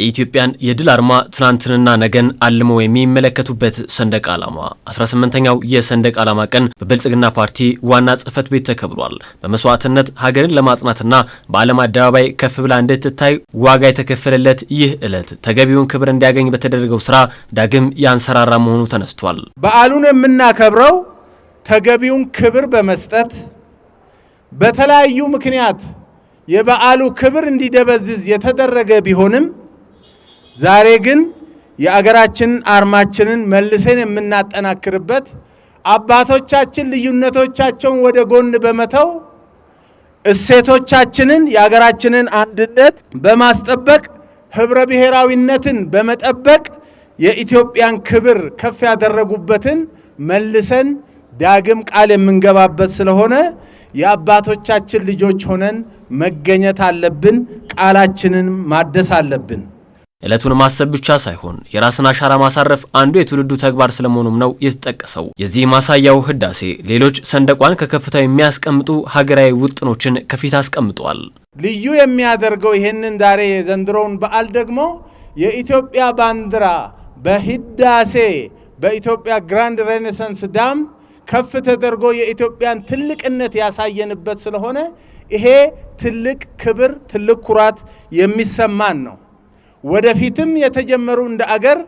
የኢትዮጵያን የድል አርማ ትናንትንና ነገን አልመው የሚመለከቱበት ሰንደቅ ዓላማ 18ኛው የሰንደቅ ዓላማ ቀን በብልጽግና ፓርቲ ዋና ጽህፈት ቤት ተከብሯል። በመስዋዕትነት ሀገርን ለማጽናትና በዓለም አደባባይ ከፍ ብላ እንድትታይ ዋጋ የተከፈለለት ይህ ዕለት ተገቢውን ክብር እንዲያገኝ በተደረገው ስራ ዳግም ያንሰራራ መሆኑ ተነስቷል። በዓሉን የምናከብረው ተገቢውን ክብር በመስጠት በተለያዩ ምክንያት የበዓሉ ክብር እንዲደበዝዝ የተደረገ ቢሆንም ዛሬ ግን የአገራችንን አርማችንን መልሰን የምናጠናክርበት አባቶቻችን ልዩነቶቻቸውን ወደ ጎን በመተው እሴቶቻችንን የአገራችንን አንድነት በማስጠበቅ ህብረ ብሔራዊነትን በመጠበቅ የኢትዮጵያን ክብር ከፍ ያደረጉበትን መልሰን ዳግም ቃል የምንገባበት ስለሆነ የአባቶቻችን ልጆች ሆነን መገኘት አለብን። ቃላችንን ማደስ አለብን። ዕለቱን ማሰብ ብቻ ሳይሆን የራስን አሻራ ማሳረፍ አንዱ የትውልዱ ተግባር ስለመሆኑም ነው የተጠቀሰው። የዚህ ማሳያው ህዳሴ ሌሎች ሰንደቋን ከከፍታው የሚያስቀምጡ ሀገራዊ ውጥኖችን ከፊት አስቀምጧል። ልዩ የሚያደርገው ይህንን ዛሬ የዘንድሮውን በዓል ደግሞ የኢትዮጵያ ባንዲራ በህዳሴ በኢትዮጵያ ግራንድ ሬኔሳንስ ዳም ከፍ ተደርጎ የኢትዮጵያን ትልቅነት ያሳየንበት ስለሆነ ይሄ ትልቅ ክብር፣ ትልቅ ኩራት የሚሰማን ነው። ወደፊትም የተጀመሩ እንደ አገር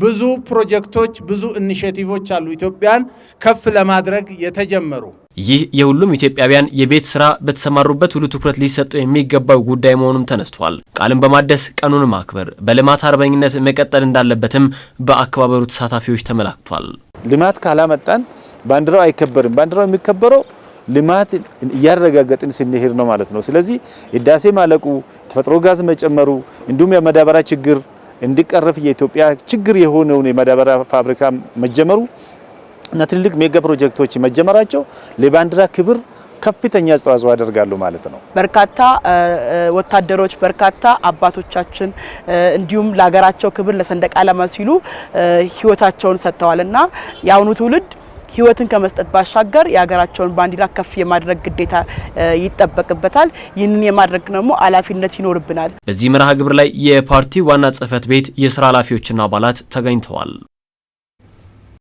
ብዙ ፕሮጀክቶች ብዙ ኢኒሼቲቮች አሉ ኢትዮጵያን ከፍ ለማድረግ የተጀመሩ። ይህ የሁሉም ኢትዮጵያውያን የቤት ስራ በተሰማሩበት ሁሉ ትኩረት ሊሰጠው የሚገባው ጉዳይ መሆኑም ተነስቷል። ቃልን በማደስ ቀኑን ማክበር በልማት አርበኝነት መቀጠል እንዳለበትም በአከባበሩ ተሳታፊዎች ተመላክቷል። ልማት ካላመጣን ባንዲራው አይከበርም። ባንዲራው የሚከበረው ልማት እያረጋገጥን ስንሄድ ነው ማለት ነው። ስለዚህ ህዳሴ ማለቁ፣ ተፈጥሮ ጋዝ መጨመሩ እንዲሁም የመዳበሪያ ችግር እንዲቀረፍ የኢትዮጵያ ችግር የሆነውን የመዳበሪያ ፋብሪካ መጀመሩ እና ትልልቅ ሜጋ ፕሮጀክቶች መጀመራቸው ለባንዲራ ክብር ከፍተኛ አስተዋጽኦ ያደርጋሉ ማለት ነው። በርካታ ወታደሮች፣ በርካታ አባቶቻችን እንዲሁም ለሀገራቸው ክብር ለሰንደቅ ዓላማ ሲሉ ህይወታቸውን ሰጥተዋል እና የአሁኑ ትውልድ ህይወትን ከመስጠት ባሻገር የሀገራቸውን ባንዲራ ከፍ የማድረግ ግዴታ ይጠበቅበታል። ይህንን የማድረግ ደግሞ ኃላፊነት ይኖርብናል። በዚህ መርሃ ግብር ላይ የፓርቲ ዋና ጽህፈት ቤት የስራ ኃላፊዎችና አባላት ተገኝተዋል።